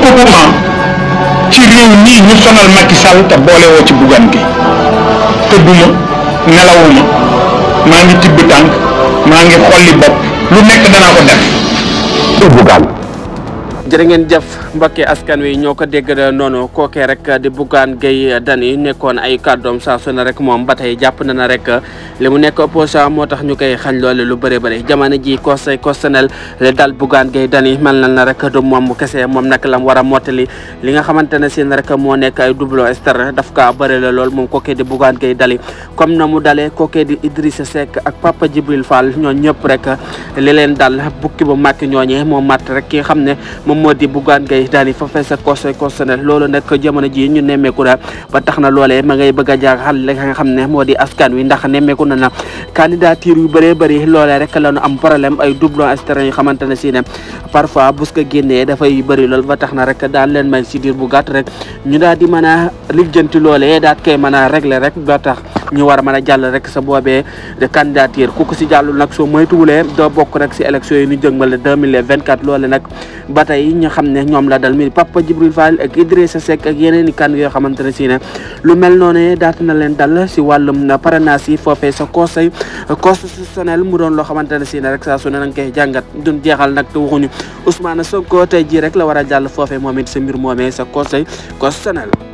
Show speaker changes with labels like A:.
A: recoupement ci réew mii ñu sonal Macky Sall te boolewoo ci buggan gi tëdduma nelawuma maa ngi tibb tànk maa ngi xolli bopp lu nekk danaa ko def pour buggaan jërë ngeen jëf mbokkee askan wi ñoo ko dégg noonu kookee rek di Bougane Gueye Dany nekkoon ay kàddoom saa su ne rek moom ba tey jàpp na na rek li mu nekk opposant moo tax ñu koy xañ loole lu bëri bëri jamono ji conseil constitutionnel li daal Bougane Gueye Dany mel na na rek moom kese moom nag lam war a mottali li nga xamante ne seen rek moo nekk ay doublon star daf ka bëri la lool moom kookee di Bougane Gueye Dany comme na mu dalee kookee di Idrissa Seck ak Papa Djibril Fall ñoo ñëpp rek li leen dal bukki bu màkk ñooñe moo matt rek ki xam ne moom moo di Bougane Gueye Dany fa fee sa conseil constitutionnel loolu nag jamono ji ñu nemmeeku daal ba tax na loolee ma ngay a jaar xam ne moo askan wi ndax nemmeeku na na candidature yu bëree bëri loolee rek la ñu am problème ay doublon externe yu xamante ne si ne parfois bus ko génnee lool ba tax na rek daal leen may si diir bu gàtt rek ñu daal di mën a lijjanti loolee daat koy mën a régler rek ñu war a mën a jàll rek sa boobee de candidature ku ko si jàllul nag soo moytuwulee doo bokk rek si élection yi ñu jëngmale 2024 loole nag ba tey ñu xam ne ñoom la dal mi Papa Djibril Fall ak Idrissa Seck ak yeneen i kan yoo xamante ne si ne lu mel noonu daata na leen dal si wàllum na parrainage foofee sa conseil constitutionnel mu doon loo xamante ne si rek sa su ne na nga koy jàngat duñ jeexal nag te waxuñu Ousmane Sonko tey jii rek la war a jàll foofee moom it sa mbir moomee sa conseil constitutionnel